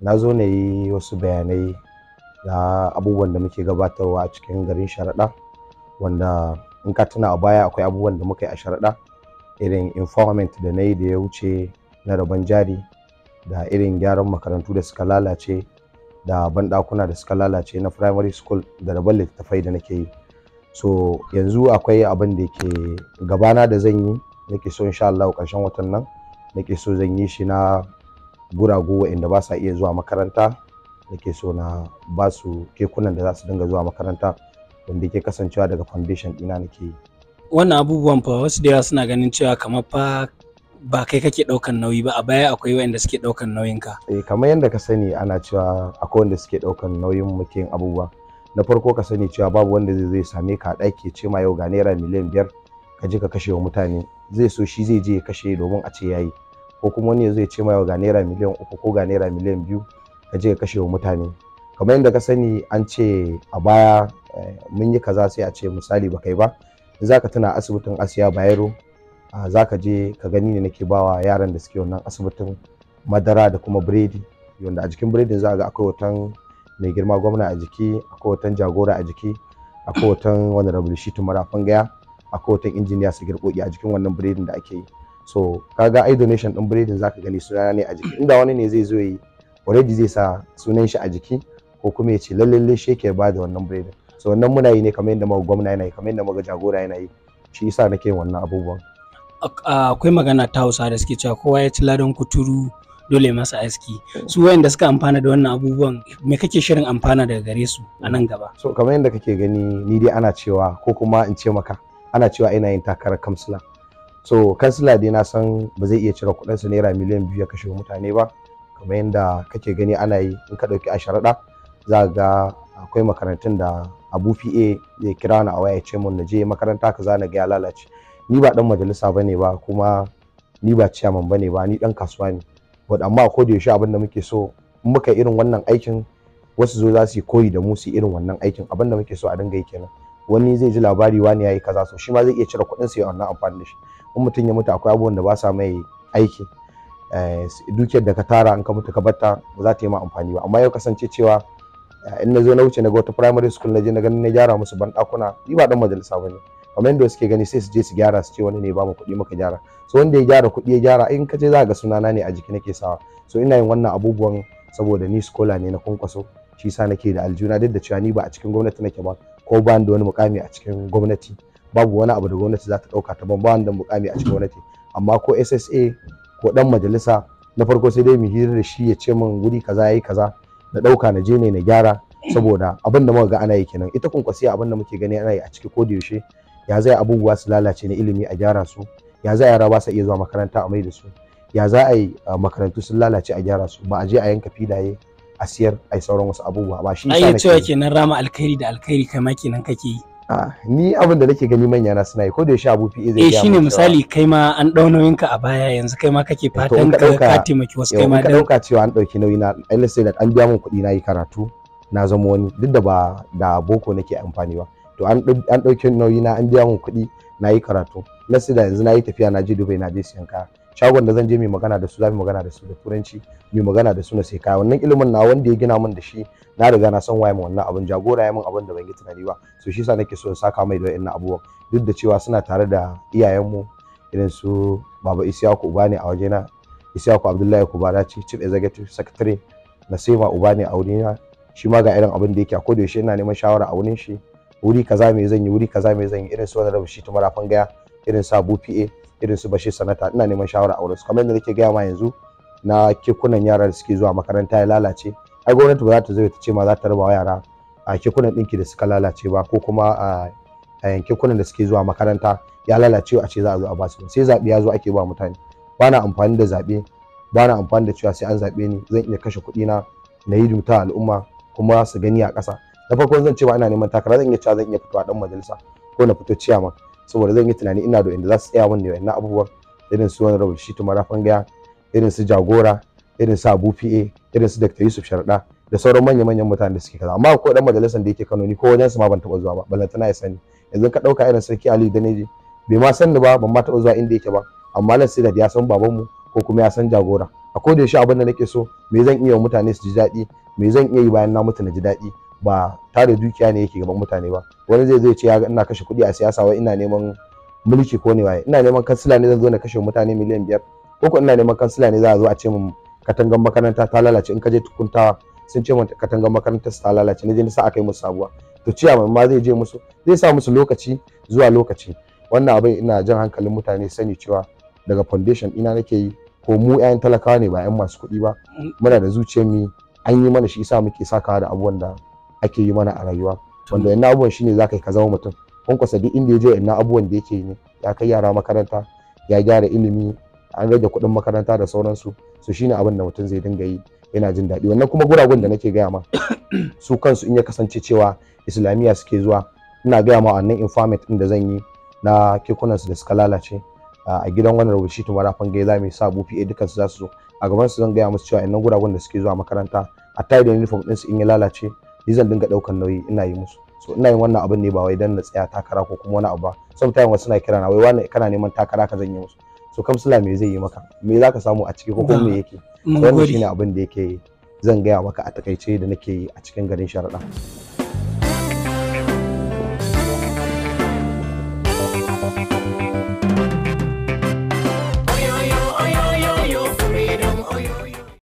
na zo na yi wasu bayanai na abubuwan da muke gabatarwa a cikin garin sharaɗa wanda in ka tuna a baya akwai abubuwan da muka yi a sharaɗa irin informant da na yi da ya wuce na rabon jari da irin gyaran makarantu da suka lalace da banɗakuna da suka lalace na primary school da rabon littattafai da nake yi so yanzu akwai abin da ke gabana da zan yi nake so insha Allah ƙarshen watan nan nake so zan yi shi na guragu waɗanda ba sa iya zuwa makaranta nake so na ba su kekunan da za su dinga zuwa makaranta wanda ke kasancewa daga foundation ɗina nake yi. Wannan abubuwan fa wasu da yawa suna ganin cewa kamar fa ba kai kake ɗaukan nauyi ba a baya akwai waɗanda suke ɗaukan nauyin ka. Eh kamar yadda ka sani ana cewa akwai wanda suke ɗaukan nauyin muke abubuwa. Na farko ka sani cewa babu wanda zai same ka a ke ce ma yau ga naira miliyan biyar ka je ka kashe wa mutane zai so shi zai je ya kashe domin a ce yayi. ko kuma wani zai ce ma ga naira miliyan uku ko ga naira miliyan biyu ka je ka kashe wa mutane kamar yadda ka sani an ce a baya eh, mun yi kaza sai a ce misali ba kai ba za ka tuna asibitin asiya bayero ah, za ka je ka gani ne nake bawa yaran da suke wannan asibitin madara da kuma biredi wanda a jikin biredin za a ga akwai hoton mai girma gwamna a jiki akwai hoton jagora a jiki akwai hoton wani rabu shi tumara fangaya akwai hoton injiniya su girkoki a jikin wannan biredin da ake yi so kaga ai donation din biredin zaka gani suna ne a jiki inda wani ne zai zo yi already zai sa sunan shi a jiki ko kuma ya ce lalle shi yake ba da wannan biredin so wannan muna yi ne kamar yadda muka gwamna yana yi kamar yadda muka jagora yana yi shi yasa nake wannan abubuwan akwai magana ta Hausa da suke cewa kowa ya ci ladan kuturu dole masa aski su wayanda suka amfana da wannan abubuwan me kake shirin amfana daga gare su a nan gaba so kamar yadda kake gani ni dai ana cewa ko kuma in ce maka ana cewa ina yin takarar kamsila so kansila dai na san ba zai iya cire sa naira miliyan biyu ya kashe mutane ba kamar yadda kake gani ana yi in ka ɗauki a sharaɗa za ga akwai makarantun da abu fi'e zai kira ni a waya ce mun na je makaranta kaza na ga ya lalace ni ba dan majalisa bane ba kuma ni ba ciyaman bane ba ni dan kasuwa ne wadda amma ko da yaushe abin da muke so in muka irin wannan aikin wasu zo za su yi koyi da mu su irin wannan aikin abin da muke so a dinga yi kenan wani zai ji labari wani yayi kaza so shi ma zai iya cire kuɗin sa ya wannan amfani da shi in mutum ya mutu akwai abubuwan da ba sa mai aiki eh, dukiyar da ka tara in ka mutu ka batta ba za ta yi ma amfani ba amma yau kasance cewa eh, in na zo na wuce na ga wata primary school na je na ganin na gyara musu ban ɗakuna ni ba dan majalisa ba ne kamar yadda suke gani sai su je su gyara su ce wani ne ba mu kuɗi muka gyara so wanda ya gyara kuɗi ya gyara in ka ce za ga sunana ne a jiki nake sawa so ina yin wannan abubuwan saboda ni scholar ne na kwankwaso shi sa nake da aljuna duk da cewa ni ba a cikin gwamnati nake ba ko ba da wani mukami a cikin gwamnati babu wani abu da gwamnati za ta ɗauka ta ban wanda mukami a cikin gwamnati amma ko SSA ko dan majalisa na farko sai dai mu hira da shi ya ce min guri kaza yayi kaza na ɗauka na je ne na gyara saboda abin da muka ga ana yi kenan ita kunkwasiya abin da muke gani ana yi a ciki ko da yaushe ya zai abubuwa su lalace na ilimi a gyara su ya za yara ba sa iya zuwa makaranta a mai da su ya za a yi ah, makarantu sun lalace a gyara su ba a je a yanka fidaye a siyar a sauran wasu abubuwa ba shi ne cewa kenan rama alkhairi da alkhairi kai ma kenan kake yi ni abin da nake gani manya na suna yi ko da yaushe abu fi zai shi eh, shine misali kai ma an dau nauyin ka a baya yanzu kai ma kake fatan ka ka taimaki wasu kai ma da dauka cewa an dauki nauyi na Allah sai da an biya min kuɗi na yi karatu na zama wani duk da ba da boko nake amfani ba to an an dauki nauyi na an biya min kuɗi na yi karatu na sai da yanzu na yi tafiya na je Dubai na je siyan kaya shagon da zan je mai magana da su za magana da su da turanci mai magana da su na sai kaya wannan ilimin na wanda ya gina min da shi na riga na san waye min wannan abin jagora ya min abin da ban yi tunani ba so shi yasa nake so in saka mai da wannan abubuwan duk da cewa suna tare da iyayenmu irin su baba Isiyaku Ubani a na Isiyaku Abdullahi Kubara Chief Executive Secretary Nasima Ubani a na shi ma ga irin abin da yake a koda yaushe ina neman shawara a wurin shi wuri kaza me zan yi wuri kaza me zan yi irin su wani rabu shi ta marafan gaya irin sa BPA irin su bashi Sanata ina neman shawara a su. kamar yadda nake gaya ma yanzu na kekunan yara da suke zuwa makaranta ya lalace ai gwamnati ba za ta zo ta ce ma za ta raba wa yara a kekunan ɗinki da suka lalace ba ko kuma a yankin da suke zuwa makaranta ya lalace a ce za a zo a basu sai zaɓe ya zo ake ba mutane ba na amfani da zaɓe ba na amfani da cewa sai an zaɓe ni zan iya kashe kuɗi na na yi duta al'umma kuma su gani a ƙasa na farko zan ce ba ina neman takara zan iya cewa zan iya fitowa dan majalisa ko na fito ciyaman saboda zan yi tunani ina da inda za su tsaya wani ne wannan abubuwan irin su wani rabu shi marafan fangaya irin su jagora irin su abu pa irin su dr yusuf sharda da sauran manya-manyan mutane da suke kaza amma ko dan majalisar da yake kano ni ko wajen su ma ban taɓa zuwa ba na isa sani yanzu ka ɗauka irin sarki ali da neji bai ma san ni ba ban ma taɓa zuwa inda yake ba amma lan sai da ya san babanmu ko kuma ya san jagora a ko da yaushe abin da nake so me zan iya wa mutane su ji daɗi me zan iya yi bayan na mutu na ji daɗi ba tare dukiya ne yake gaban mutane ba wani zai zai ce ya ina kashe kuɗi a siyasa wai ina neman mulki ko ne waye ina neman kansila ne zan zo na kashe mutane miliyan biyar ko ina neman kansila ne za a zo a ce min katangan makaranta ta lalace in ka je tukuntawa sun ce min katangan makarantar ta lalace ne je ni sa aka yi musu sabuwa to ciya ma zai je musu zai sa musu lokaci zuwa lokaci wannan abin ina jan hankalin mutane sani cewa daga foundation ina nake yi ko mu 'ya'yan talakawa ne ba 'yan masu kuɗi ba muna da zuciyar mu an yi mana shi isa muke sakawa da abubuwan da ake yi mana a rayuwa wanda yana abubuwan shine za ka yi ka zama mutum kwankwasa duk inda ya je yana abubuwan da yake yi ne ya kai yara makaranta ya gyara ilimi an rage kuɗin makaranta da sauransu su shine abin da mutum zai dinga yi yana jin daɗi wannan kuma guragun da nake gaya ma su kansu in ya kasance cewa islamiyya suke zuwa ina gaya ma wannan informate ɗin da zan yi na kekunan su da suka lalace a gidan wani rubuci tumara fangai za mu yi sa bufi a dukansu za su zo a gaban su zan gaya musu cewa innan guragun da suke zuwa makaranta a tare da uniform ɗinsu in ya lalace ni zan dinga daukan nauyi ina yi musu so ina yin wannan abin ne ba wai dan na tsaya takara ko kuma wani abu ba sometimes wasu na kira na wai wani kana neman takara ka zan yi musu so kam sula me zai yi maka me za ka samu a ciki ko kuma me yake wannan shine abin da yake zan gaya maka a takaice da nake yi a cikin garin sharaɗa.